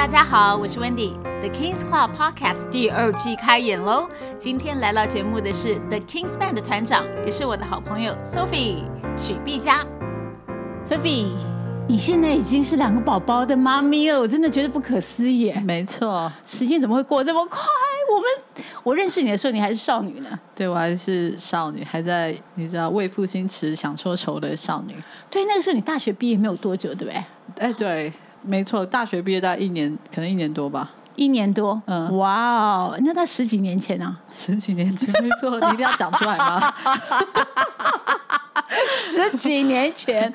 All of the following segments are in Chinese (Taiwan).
大家好，我是 Wendy。The King's Club Podcast 第二季開演嘍！今天來到節目的是 The King's Band 的團長，也是我的好朋友 Sophie 許碧佳。Sophie，你現在已經是兩個寶寶的媽咪了，我真的覺得不可思議。沒錯，時間怎麼會過這麼快？我們我認識你的時候，你還是少女呢。對，我還是少女，還在你知道為賦新詞強說愁的少女。對，那個時候你大學畢業沒有多久，對不對？哎，對。沒錯，大學畢業大概一年，可能一年多吧。一年多，嗯，哇哦，那到十幾年前啊。十幾年前，沒錯，你 一定要講出來嗎？ 十幾年前，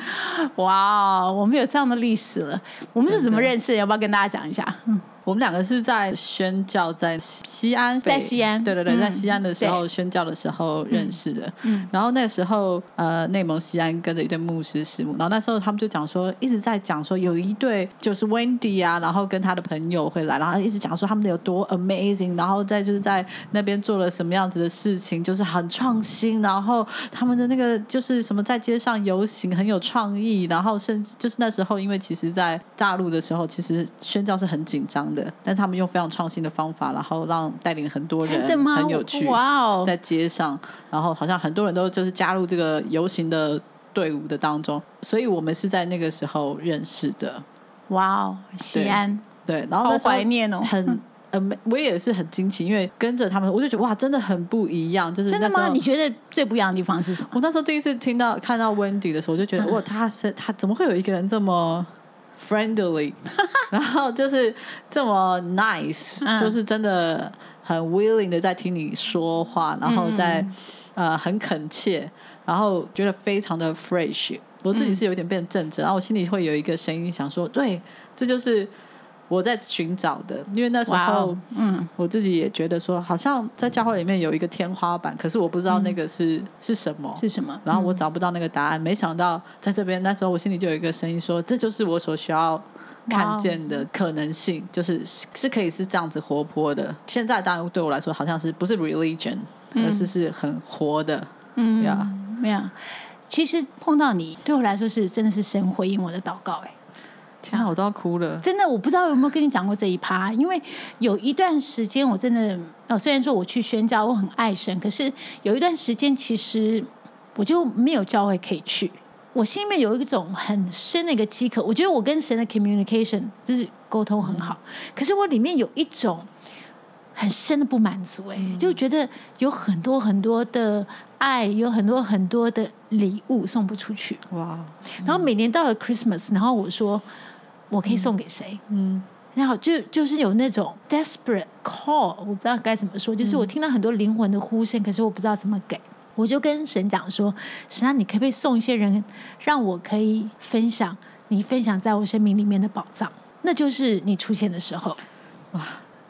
哇哦，我們有這樣的歷史了。我們是怎麼認識的？要不要跟大家講一下？嗯我們兩個是在宣教在西安，在西安，對對對，嗯、在西安的時候宣教的時候認識的。對然後那時候呃，內蒙西安跟着一對牧師師母，然後那時候他們就講說，一直在講說有一對就是 Wendy 啊，然後跟他的朋友會來，然後一直講說他們有多 amazing，然後在就是在那邊做了什麼樣子的事情，就是很創新，然後他們的那個就是什麼在街上遊行很有創意，然後甚至就是那時候因為其實在大陸的時候，其實宣教是很緊張的。但他們用非常創新的方法，然後讓帶領很多人，很有趣。哇哦，wow、在街上，然後好像很多人都就是加入這個遊行的隊伍的當中，所以我們是在那個時候認識的。哇哦，西安對，對，然後好懷念哦，很呃，我也是很驚奇，因為跟着他們，我就覺得哇，真的很不一樣。就是、真的嗎？你覺得最不一樣的地方是什麼？我那時候第一次聽到看到 Wendy 的時候，我就覺得哇，他是他怎麼會有一個人這麼。friendly， 然後就是這麼 nice，、嗯、就是真的很 willing 的在聽你說話，嗯、然後在呃，很懇切，然後覺得非常的 fresh，我自己是有點變得正直，嗯、然後我心裡會有一個聲音想說，對，這就是。我在尋找的，因為那時候，Wow, 嗯，我自己也覺得說，好像在教會裡面有一個天花板，可是我不知道那個是、嗯、是什麼，是什麼，然後我找不到那個答案。嗯、沒想到在這邊，那時候我心裡就有一個聲音說，這就是我所需要看見的可能性，Wow, 就是是可以是這樣子活潑的。現在當然對我來說，好像是不是 religion，、嗯、而是是很活的，嗯呀，Yeah 沒有。其實碰到你，對我來說是真的是神回應我的禱告，哎。好，我都要哭了。嗯、真的，我不知道有沒有跟你講過這一趴。因為有一段時間，我真的哦，雖然說我去宣教，我很愛神，可是有一段時間，其實我就沒有教會可以去。我心裡面有一種很深的一個飢渴。我覺得我跟神的 communication 就是溝通很好，嗯、可是我裡面有一種很深的不滿足、欸。哎，就覺得有很多很多的愛，有很多很多的禮物送不出去。哇！嗯、然後每年到了 Christmas，然後我說。我可以送給誰？嗯，嗯，然後就就是有那種 desperate call，我不知道該怎麼說，就是我聽到很多靈魂的呼聲，可是我不知道怎麼給，我就跟神講說，神啊，你可不可以送一些人，讓我可以分享你分享在我生命裡面的寶藏？那就是你出現的時候，哇，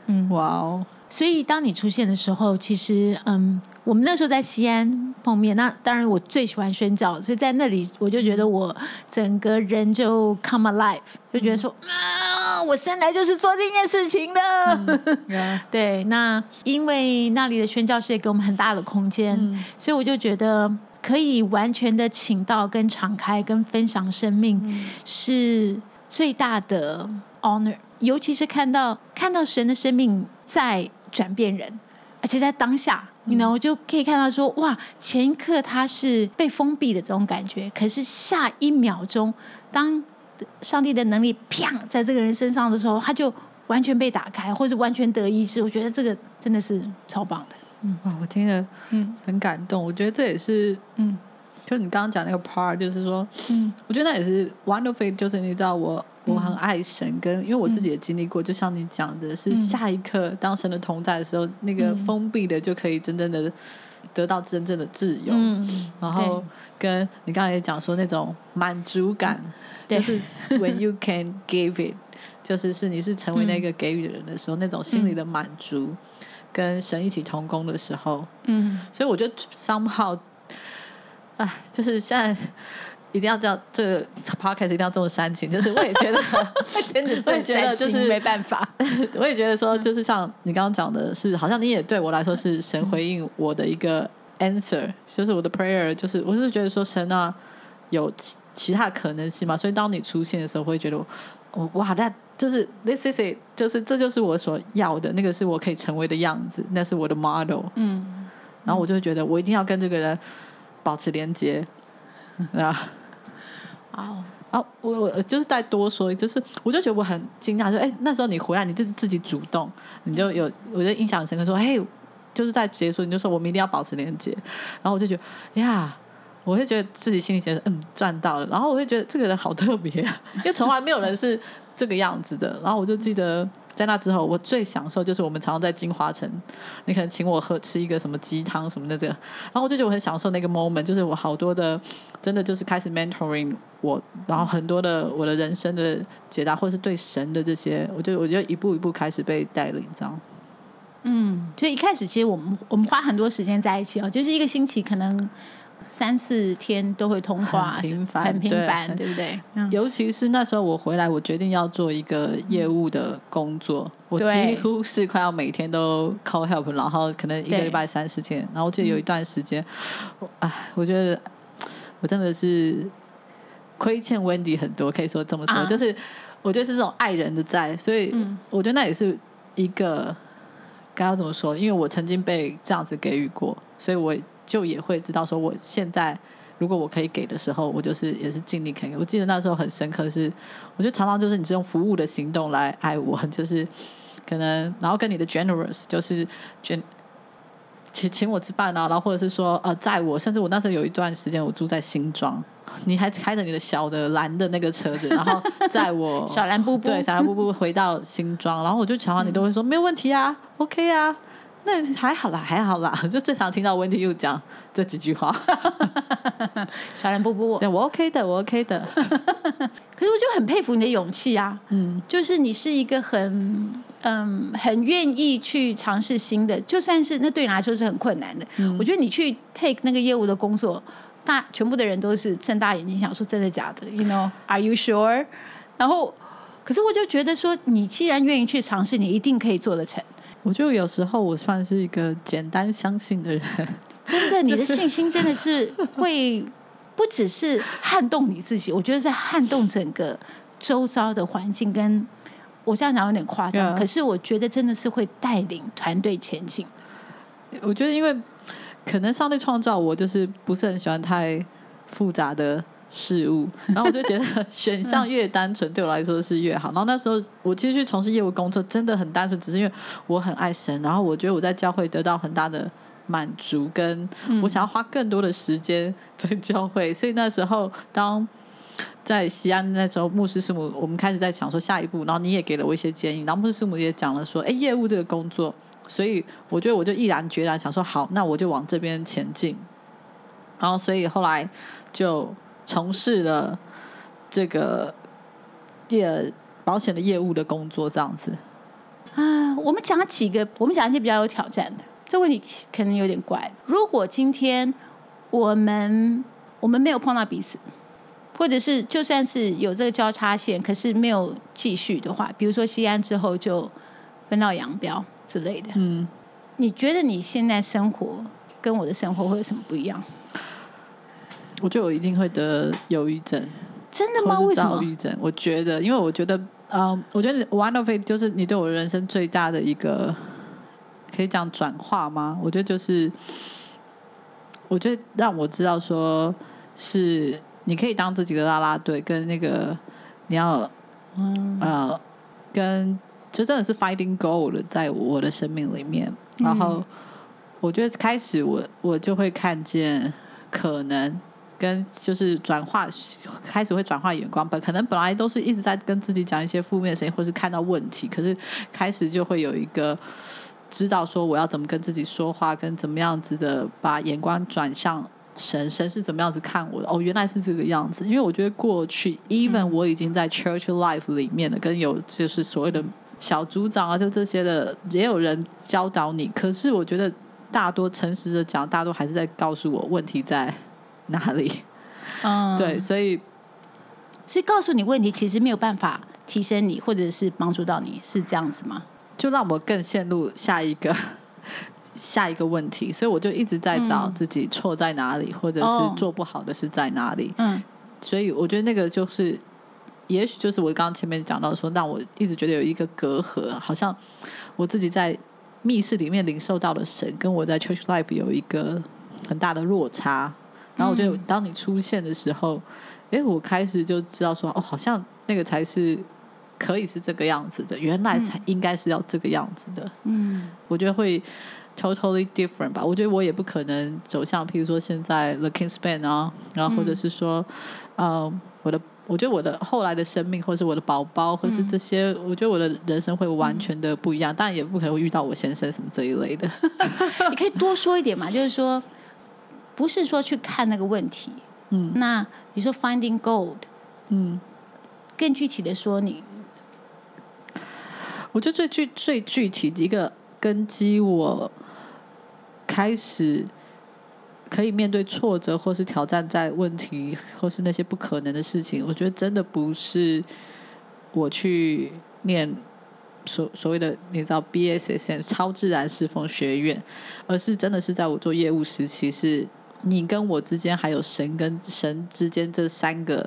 嗯，哇哦。所以，當你出現的時候，其實，嗯，我們那時候在西安碰面。那當然，我最喜歡宣教，所以在那裡，我就覺得我整個人就 come alive，、嗯、就覺得說啊，我生來就是做這件事情的。嗯嗯、 對，那因為那裡的宣教士也給我們很大的空間，嗯、所以我就覺得可以完全的傾倒、跟敞開、跟分享生命，是最大的 honor。尤其是看到看到神的生命在。轉變人，而且在當下，你呢，我就可以看到說，哇，前一刻他是被封閉的這種感覺，可是下一秒鐘，當上帝的能力啪，在這個人身上的時候，他就完全被打開，或是完全得醫治。我覺得這個真的是超棒的。嗯，哇，我聽了，嗯，很感動。嗯、我覺得這也是，嗯，就你剛剛講那個 part，就是說，嗯，我覺得那也是 wonderful，就是你知道我。我很愛神，跟因為我自己也經歷過，嗯、就像你講的是，是、嗯、下一刻當神的同在的時候，嗯、那個封閉的就可以真正的得到真正的自由。嗯、然後跟你剛才也講說那種滿足感，嗯、就是 when you can give it，對 就是是你是成為那個給予的人的時候，嗯、那種心裡的滿足，嗯、跟神一起同工的時候。嗯，所以我覺得 somehow，哎、啊，就是現在。一定要這樣，這個 podcast 一定要這麼煽情，就是我也覺得，我也覺得就是沒辦法。 我也覺得說，就是像你剛剛講的是，是好像你也對我來說是神回應我的一個 answer， 就是我的 prayer，就是我是覺得說神啊，有其其他可能性嘛，所以當你出現的時候，我會覺得我、哦、哇，那就是 this is it，就是這就是我所要的那個是我可以成為的樣子，那是我的 model，嗯，然後我就會覺得我一定要跟這個人保持連接，啊。 哦，oh. 然後我我就是再多說，就是我就覺得我很驚訝，就、欸、哎，那時候你回來，你就自己主動，你就有，我就印象深刻說，說哎，就是在結束，你就說我們一定要保持連接，然後我就覺得呀，yeah, 我就覺得自己心裡覺得嗯賺到了，然後我就覺得這個人好特別，因為從來沒有人是這個樣子的， 然後我就記得。在那之後，我最享受就是我們常常在金華城，你可能請我喝吃一個什麼雞湯什麼的這個，然後我就覺得我很享受那個 moment，就是我好多的真的就是開始 mentoring 我，然後很多的我的人生的解答或者是對神的這些，我就我就一步一步開始被帶領，這樣嗯，所以一開始其實我們我們花很多時間在一起啊、哦，就是一個星期可能。三四天都會通話，頻繁，是很頻繁，對，很對不對？嗯、尤其是那時候我回來，我決定要做一個業務的工作，嗯、我幾乎是快要每天都 call help，然後可能一個禮拜三四天。對然後就有一段時間，嗯啊，我覺得我真的是虧欠 Wendy 很多，可以說這麼說，啊、就是我覺得是這種愛人的債。所以我覺得那也是一個，該要、嗯、怎麼說？因為我曾經被這樣子給予過，所以我。就也會知道說，我現在如果我可以給的時候，我就是也是盡力可以給。我記得那時候很深刻，是我就常常就是你這種服務的行動來愛我，就是可能然後跟你的 generous 就是 gen 請請我吃飯啊，然後或者是說呃載我，甚至我那時候有一段時間我住在新莊，你還開着你的小的藍的那個車子，然後載我 小藍布布，對，小藍布布回到新莊，然後我就常常你都會說、嗯、沒有問題啊，OK 啊。那還好啦，還好啦，就正常聽到 Wendy 又講這幾句話。 小人不不我，我 OK 的，我 OK 的。 可是我就很佩服你的勇氣啊，嗯，就是你是一個很，嗯，很願意去嘗試新的，就算是那對你來說是很困難的。嗯。我覺得你去 take 那個業務的工作，大全部的人都是睜大眼睛想說真的假的 ，you know，are you sure？然後，可是我就覺得說，你既然願意去嘗試，你一定可以做得成。我就有時候我算是一個簡單相信的人，真的，你的信心真的是會不只是撼動你自己，我覺得是撼動整個周遭的環境。跟我現在講有點誇張，Yeah. 可是我覺得真的是會帶領團隊前進。我覺得，因為可能上帝創造我，就是不是很喜歡太複雜的事物，然後我就覺得選項越單純 對我來說是越好。然後那時候我其實去從事業務工作真的很單純，只是因為我很愛神，然後我覺得我在教會得到很大的滿足，跟我想要花更多的時間在教會。嗯、所以那時候當在西安那時候牧師師母，我們開始在想說下一步，然後你也給了我一些建議，然後牧師師母也講了說，哎、欸，業務這個工作，所以我覺得我就毅然決然想說，好，那我就往這邊前進。然後所以後來就。從事了這個業保險的業務的工作，這樣子啊。我們講幾個，我們講一些比較有挑戰的。這個問題可能有點怪。如果今天我們我們沒有碰到彼此，或者是就算是有這個交叉線，可是沒有繼續的話，比如說西安之後就分道揚鑣之類的。嗯，你覺得你現在生活跟我的生活會有什麼不一樣？我覺得我一定會得憂鬱症，真的嗎？為什麼憂鬱症？我覺得，因為我覺得，嗯、呃，我覺得 one of it 就是你對我人生最大的一個，可以講轉化嗎？我覺得就是，我覺得讓我知道說，是你可以當自己的拉拉隊，跟那個你要，Wow. 呃，跟這真的是 fighting gold 在我的生命裡面。嗯、然後我覺得開始我我就會看見可能，跟就是轉化，開始會轉化眼光，本可能本來都是一直在跟自己講一些負面聲音，或是看到問題，可是開始就會有一個知道說我要怎麼跟自己說話，跟怎麼樣子的把眼光轉向神，神是怎麼樣子看我的？哦，原來是這個樣子。因為我覺得過去，even 我已經在 church life 裡面的跟有就是所謂的小組長啊，就這些的也有人教導你，可是我覺得大多誠實的講，大多還是在告訴我問題在。哪裡？嗯，對，所以，所以告訴你問題，其實沒有辦法提升你，或者是幫助到你，是這樣子嗎？就讓我更陷入下一個下一個問題，所以我就一直在找自己錯在哪裡，嗯、或者是做不好的事在哪裡。嗯、哦，所以我覺得那個就是，也許就是我剛剛前面講到說，讓我一直覺得有一個隔閡，好像我自己在密室裡面領受到的神，跟我在 Church Life 有一個很大的落差。然後我覺得，當你出現的時候，哎、嗯，因為我開始就知道說，哦，好像那個才是可以是這個樣子的，原來才應該是要這個樣子的。嗯，我覺得會 totally different 吧。我覺得我也不可能走向，譬如說現在 The King's Band 啊，然後或者是說，嗯、呃，我的，我覺得我的後來的生命，或者是我的寶寶，或者是這些，嗯、我覺得我的人生會完全的不一樣，嗯、但也不可能會遇到我先生什麼這一類的。你可以多說一點嘛？ 就是說。不是說去看那個問題，嗯，那你說 finding gold，嗯，更具體的說，你，我覺得最具最具體的一個根基，我開始可以面對挫折或是挑戰，在問題或是那些不可能的事情，我覺得真的不是我去念所所謂的你知道 BSSM 超自然侍奉學院，而是真的是在我做業務時期是。你跟我之間還有神跟神之間這三個，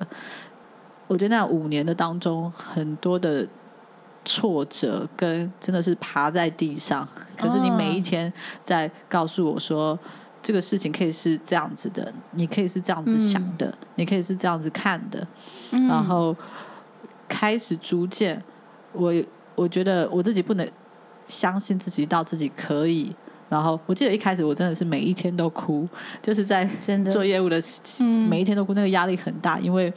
我覺得那五年的當中，很多的挫折跟真的是爬在地上，可是你每一天在告訴我說，這個事情可以是這樣子的，你可以是這樣子想的，你可以是這樣子看的，然後開始逐漸，我我覺得我自己不能相信自己到自己可以。然後我記得一開始我真的是每一天都哭，就是在的做業務的每一天都哭，嗯、那個壓力很大，因為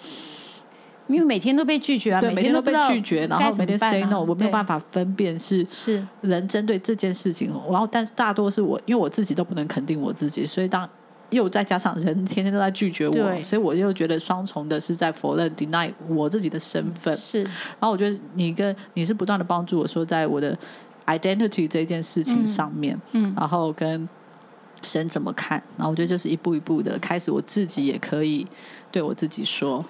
因為每天都被拒絕、啊，對，每天都被拒絕，然後每天 say、啊、no，我沒有辦法分辨，是是人針對這件事情，對然後但大多是我因為我自己都不能肯定我自己，所以當又再加上人天天都在拒絕我，對所以我又覺得雙重的是在否認 deny 對我自己的身份，是，然後我覺得你跟你是不斷地幫助我說，在我的。Identity 這件事情上面，嗯嗯、然後跟神怎麼看，然後我覺得就是一步一步的開始，我自己也可以對我自己說，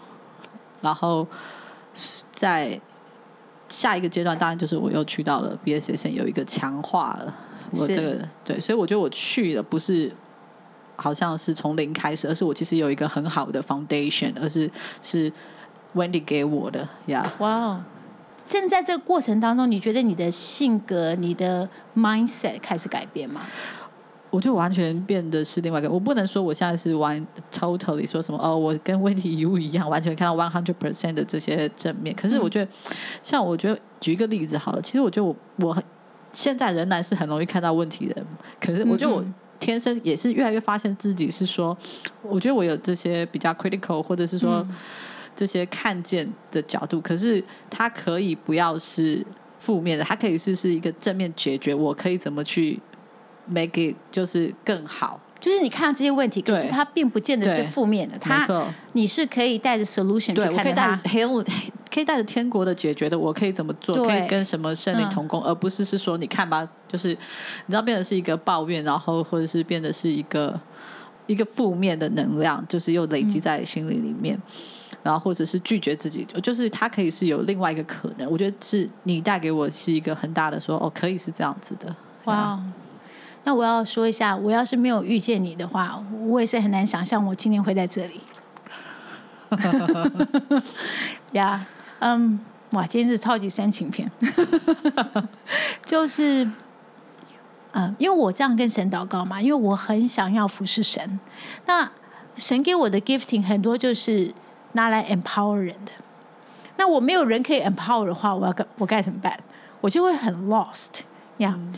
然後在下一個階段，當然就是我又去到了 B S S，有一個強化了我這個是對，所以我覺得我去的不是好像是從零開始，而是我其實有一個很好的 foundation，而是是 Wendy 給我的呀哇 a 哇。Yeah. Wow. 現在這個過程當中，你覺得你的性格、你的 mindset 開始改變嗎？我就完全變得是另外一個。我不能說我現在是完 totally 說什麼哦，我跟 Wendy Yu 一樣，完全看到 one hundred percent 的這些正面。可是我覺得，嗯、像我覺得舉一個例子好了。其實我覺得我我現在仍然是很容易看到問題的。可是我覺得我天生也是越來越發現自己是說，嗯、我覺得我有這些比較 critical，或者是說。嗯這些看見的角度，可是它可以不要是負面的，它可以是是一個正面解決。我可以怎麼去 make it 就是更好？就是你看到這些問題，對可是它並不見得是負面的。對它，錯你是可以帶着 solution，對就它我可以帶可以帶着天國的解決的。我可以怎麼做？對可以跟什麼聖靈同工？嗯、而不是是說你看吧，就是你知道變得是一個抱怨，然後或者是變得是一個一個負面的能量，就是又累積在心裡裡面。嗯然後，或者是拒絕自己，就是他可以是有另外一個可能。我覺得是你帶給我是一個很大的說，說哦，可以是這樣子的。哇、哦！那我要說一下，我要是沒有遇見你的話，我也是很難想象我今天會在這裡。呀，嗯，哇，今天是超級煽情片。 就是，嗯，因為我這樣跟神禱告嘛，因為我很想要服侍神。那神給我的 gifting 很多，就是。拿來 empower 人的，那我沒有人可以 empower 的話，我要我該怎麼辦？我就會很 lost 呀、yeah。嗯、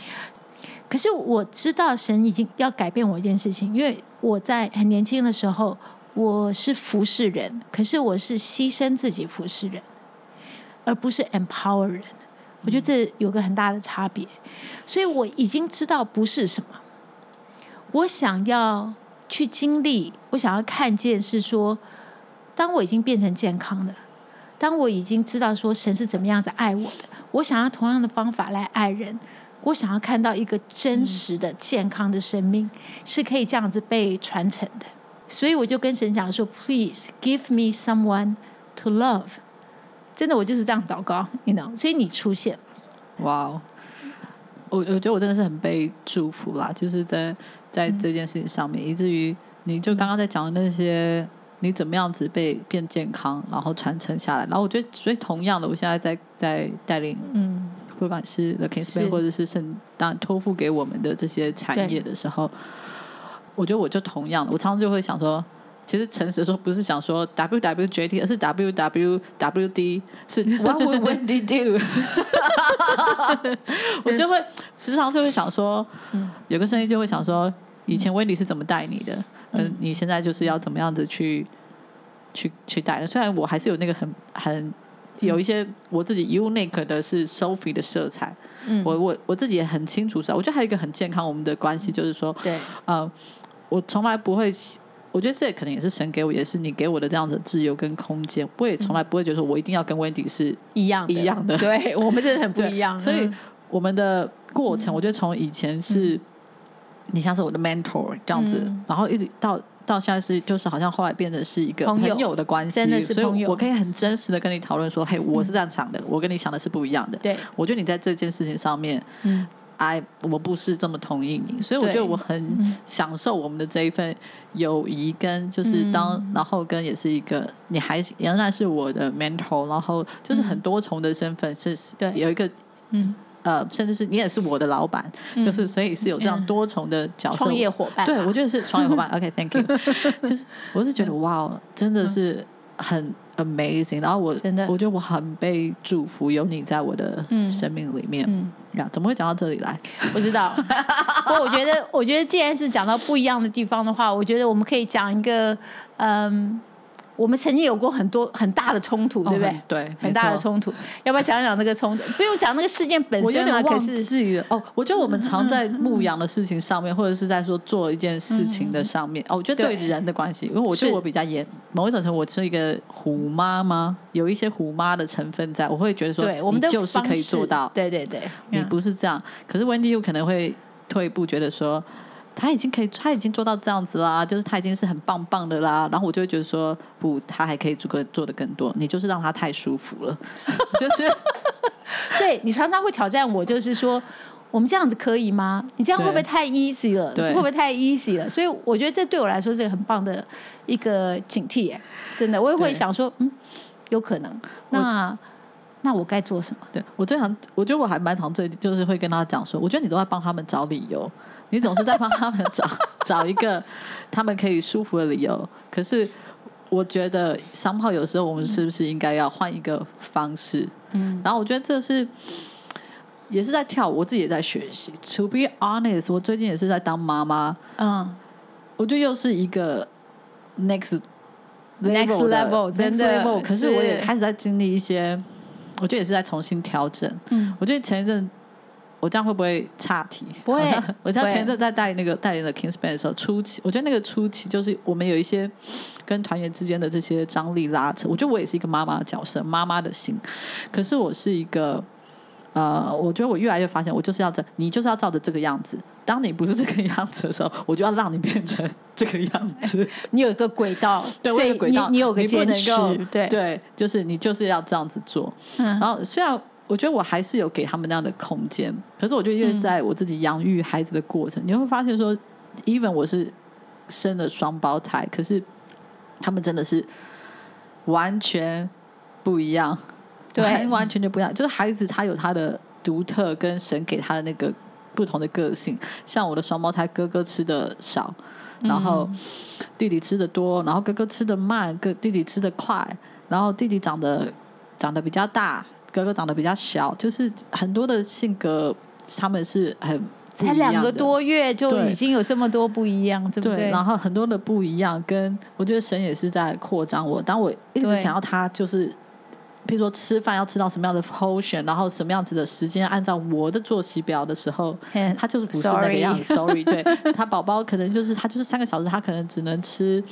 可是我知道神已經要改變我一件事情，因為我在很年輕的時候，我是服侍人，可是我是犧牲自己服侍人，而不是 empower 人。嗯、我覺得這有個很大的差別，所以我已經知道不是什麼。我想要去經歷，我想要看見，是說。當我已經變成健康的，當我已經知道說神是怎麼樣子愛我的，我想要同樣的方法來愛人，我想要看到一個真實的健康的生命、嗯、是可以這樣子被傳承的，所以我就跟神講說：“Please give me someone to love。”真的，我就是這樣禱告，you know。所以你出現，哇哦、wow！我我覺得我真的是很被祝福啦，就是在在這件事情上面，嗯、以至於你就剛剛在講的那些。你怎麼樣子被變健康，然後傳承下來？然後我覺得，所以同樣的，我現在在在帶領，嗯，不管是 The King's Band，是或者是神，當托付給我們的這些產業的時候，對我覺得我就同樣的，我常常就會想說，其實誠實的說，不是想說 W W J D，而是 W W W D，是 What we when we do， 我就會時常就會想說，嗯、有個聲音就會想說。以前 Wendy 是怎麼帶你的？嗯，你現在就是要怎麼樣子去，去去帶？雖然我還是有那個很很有一些我自己 unique 的是 Sophie 的色彩，嗯，我我我自己也很清楚，是啊，我覺得還有一個很健康我們的關係就是說，對，呃，我從來不會，我覺得這可能也是神給我，也是你給我的這樣子自由跟空間，我也從來不會覺得說我一定要跟 Wendy 是一樣一樣的，對，我們真的很不一樣，所以我們的過程，我覺得從以前是。你像是我的 mentor 這樣子，嗯、然後一直到到現在是，就是好像後來變成是一個朋友的關係，朋友、真的是朋友，所以我可以很真實的跟你討論說，嗯、嘿，我是這樣想的，我跟你想的是不一樣的。對、嗯，我覺得你在這件事情上面，嗯，I 我不是這麼同意你，所以我覺得我很享受我們的這一份友誼，跟就是當、嗯、然後跟也是一個，你還仍然是我的 mentor，然後就是很多重的身份是，有一個，嗯。嗯呃，甚至是你也是我的老闆，就是所以是有這樣多重的角色，創業夥伴，對，我覺得是創業夥伴。OK，Thank you。就是，我是覺得哇，真的是很 amazing。然後我我覺得我很被祝福，有你在我的生命裡面。怎麼會講到這裡來？不知道。不過我覺得，我覺得既然是講到不一樣的地方的話，我覺得我們可以講一個嗯。我們曾經有過很多很大的衝突，對不對？對，很大的衝突。要不要講一講這個衝突？不用講那個事件本身啊，可是哦，我覺得我們常在牧養的事情上面，或者是在說做一件事情的上面哦，我覺得對人的關係，因為我是我比較嚴，某種程度我是一個虎媽嗎？有一些虎媽的成分在，我會覺得說，你就是可以做到，對對對，你不是這樣。可是 Wendy 可能會退一步，覺得說。他已經可以，他已經做到這樣子啦、啊，就是他已經是很棒棒的啦、啊。然後我就會覺得說，不、哦，他還可以做個做得更多。你就是讓他太舒服了， 就是 對。對，你常常會挑戰我，就是說我們這樣子可以嗎？你這樣會不會太 easy 了？對，是會不會太 easy 了？所以我覺得這對我來說是個很棒的一個警惕、欸。真的，我也會想說，對嗯，有可能。那我那我該做什麼？對，我最常，我覺得我還蠻常最就是會跟他講說，我覺得你都在幫他們找理由。 你總是在幫他們找找一個他們可以舒服的理由，可是我覺得 somehow 有時候我們是不是應該要換一個方式？嗯，然後我覺得這是也是在跳，我自己也在學習。To be honest，我最近也是在當媽媽。嗯，我覺得又是一個 next next level 是可是我也開始在經歷一些，我覺得也是在重新調整。嗯，我覺得前一陣。我這樣會不會岔題？不會。我這樣前陣在帶那個帶對領的 King's Band 的時候，初期我覺得那個初期就是我們有一些跟團員之間的這些張力拉扯。我覺得我也是一個媽媽的角色，媽媽的心。可是我是一個，呃，我覺得我越來越發現，我就是要這，你就是要照着這個樣子。當你不是這個樣子的時候，我就要讓你變成這個樣子。你有一個軌道，對，我有個軌道，你有個堅對持，對對，就是你就是要這樣子做。嗯，然後雖然。我覺得我還是有給他們那樣的空間，可是我覺得，因為在我自己養育孩子的過程，嗯、你會發現說，even 我是生了雙胞胎，可是他們真的是完全不一樣，對，完全就不一樣。就是孩子他有他的獨特跟神給他的那個不同的個性。像我的雙胞胎哥哥吃的少，然後弟弟吃的多，然後哥哥吃的慢，哥弟弟吃的快，然後弟弟長得長得比較大。哥哥長得比較小，就是很多的性格，他們是很才兩個多月就已經有這麼多不一樣，對，對，對，對，然後很多的不一樣，跟我覺得神也是在擴張我。當我一直想要他，就是比對如說吃飯要吃到什麼樣的 portion 然後什麼樣子的時間按照我的作息表的時候， 他就是不是那個樣。Sorry, Sorry，對 他寶寶可能就是他就是三個小時，他可能只能吃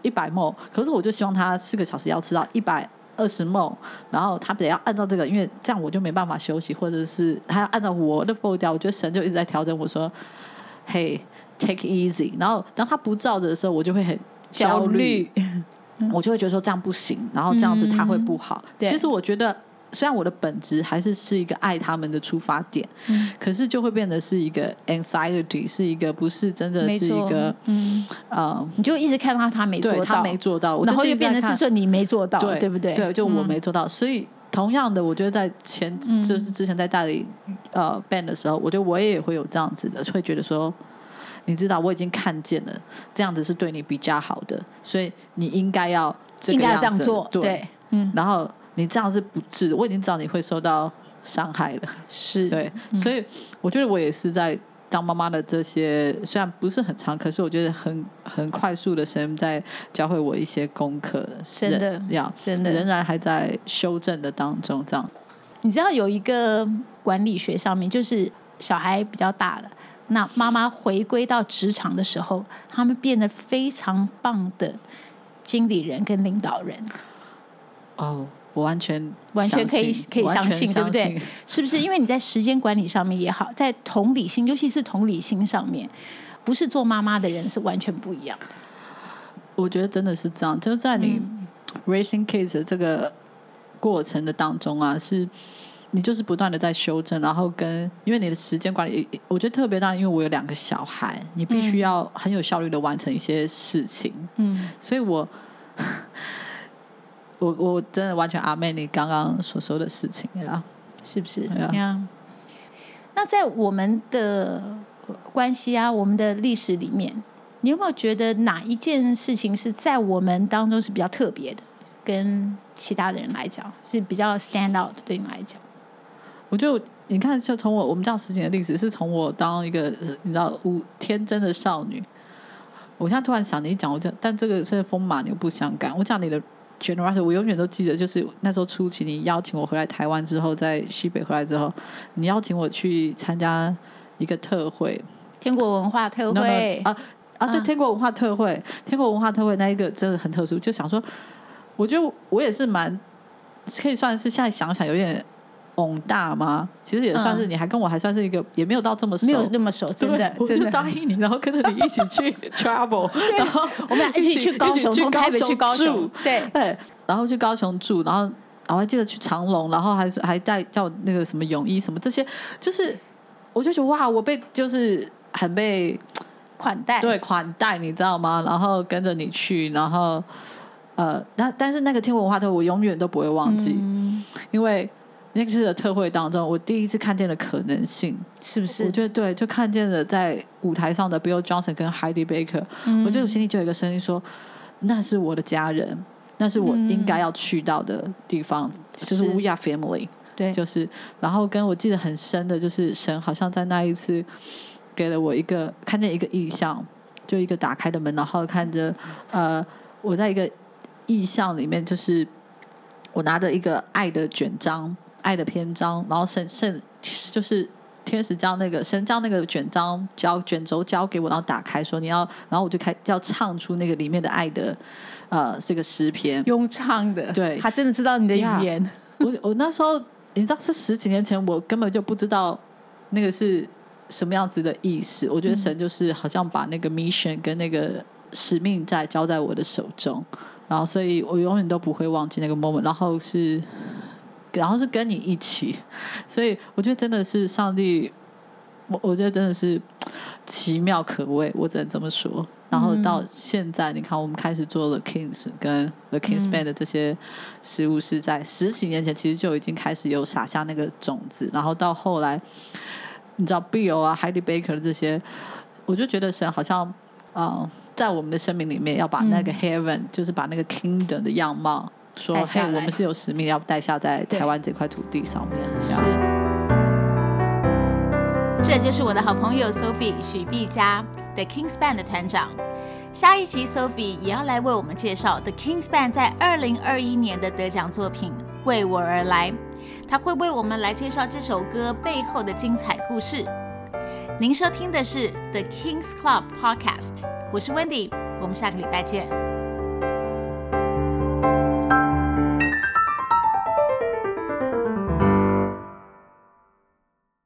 一百 ml 可是我就希望他四個小時要吃到一百。二十夢，ol，然後他得要按照這個，因為這樣我就沒辦法休息，或者是他要按照我的步調，我覺得神就一直在調整我說，嘿、hey，take easy。然後當他不照着的時候，我就會很焦慮，焦慮，我就會覺得說這樣不行，然後這樣子他會不好。嗯、其實我覺得。雖然我的本質還是是一個愛他們的出發點，嗯、可是就會變得是一個 anxiety，是一個不是真的，是一個，嗯，呃、你就一直看到他沒做到，他沒做到，做到然後就變成是說你沒做到，對，對不對？對，就我沒做到。嗯、所以同樣的，我覺得在前就是之前在帶、嗯、呃 band 的時候，我覺得我也會有這樣子的，會覺得說，你知道我已經看見了這樣子是對你比較好的，所以你應該要個應該這樣做，對，嗯、然後。你這樣是不智，我已經知道你會受到傷害了。是對，嗯、所以我覺得我也是在當媽媽的這些，雖然不是很長，可是我覺得很很快速的聲音，在教會我一些功課，是的要真的仍然還在修正的當中。這樣，你知道有一個管理學上面，就是小孩比較大了，那媽媽回歸到職場的時候，他們變得非常棒的經理人跟領導人。哦，oh, 我完全完全可以可以相信，相信對不對？ 是不是？因為你在時間管理上面也好，在同理心，尤其是同理心上面，不是做媽媽的人是完全不一樣的。我覺得真的是這樣，就在你 racing case 的這個過程的當中啊，嗯、是你就是不斷的在修正，然後跟因為你的時間管理，我覺得特別大，因為我有兩個小孩，你必須要很有效率的完成一些事情。嗯，所以我。 我我真的完全阿妹你剛剛所說的事情啊，樣是不是？啊樣，樣那在我們的關係啊，我們的歷史裡面，你有沒有覺得哪一件事情是在我們當中是比較特別的？跟其他的人來講是比較 stand out 的對你來講？我就你看，就從我我們這樣十幾年的歷史，是從我當一個你知道五，天真的少女，我現在突然想你講，我講，但這個是風馬牛不相干，我講你的。我永遠都記得，就是那時候初期你邀請我回來台灣之後，在西北回來之後，你邀請我去參加一個特會，天國文化特會啊啊，對，天國文化特會，天國文化特會那一個真的很特殊，就想說，我覺得我也是蠻可以算是現在想想有點。翁大媽，其實也算是，你還跟我還算是一個，也沒有到這麼熟，沒有那麼熟，真的，真的。我就答應你，然後跟着你一起去 travel，然後我們倆一起去高雄，去高雄住，對對。然後去高雄住，然後我還記得去長隆，然後還還帶叫那個什麼泳衣什麼這些，就是我就覺得哇，我被就是很被款待，對款待，你知道嗎？然後跟着你去，然後呃，那但是那個天文文化的，我永遠都不會忘記，因為。那次的特會當中，我第一次看見的可能性是不是？我覺得對，就看見了在舞台上的 Bill Johnson 跟 Heidi Baker，嗯、我就我心裡就有一個聲音說：“那是我的家人，那是我應該要去到的地方，嗯、就是 We Are Family。”對，就是。然後跟我記得很深的就是神好像在那一次給了我一個看見一個異象，就一個打開的門，然後看着呃我在一個異象裡面，就是我拿着一個愛的卷章。愛的篇章，然後神神就是天使將那個神將那個卷章交卷軸交給我，然後打開說你要，然後我就開要唱出那個裡面的愛的呃這個詩篇，用唱的，對，他真的知道你的語言。Yeah. 我我那時候你知道是十幾年前，我根本就不知道那個是什麼樣子的意思。我覺得神就是好像把那個 mission 跟那個使命在交在我的手中，然後所以我永遠都不會忘記那個 moment。然後是。然後是跟你一起，所以我覺得真的是上帝，我我覺得真的是奇妙可畏，我只能這麼說。然後到現在，嗯、你看我們開始做了 King's 跟 The King's Band 的這些事物，是在十幾年前，嗯、其實就已經開始有撒下那個種子。然後到後來，你知道 Bill 啊、Heidi Baker 這些，我就覺得神好像啊、呃，在我們的生命裡面要把那個 Heaven、嗯、就是把那個 Kingdom 的樣貌。說：“嘿，我們是有使命要帶下在台灣這塊土地上面。對”樣是。這就是我的好朋友 Sophie 徐碧嘉 The King's Band 的團長。下一集 Sophie 也要來為我們介紹 The King's Band 在二零二一年的得獎作品《為我而來》，她會為我們來介紹這首歌背後的精彩故事。您收聽的是 The King's Club Podcast，我是 Wendy，我們下個禮拜見。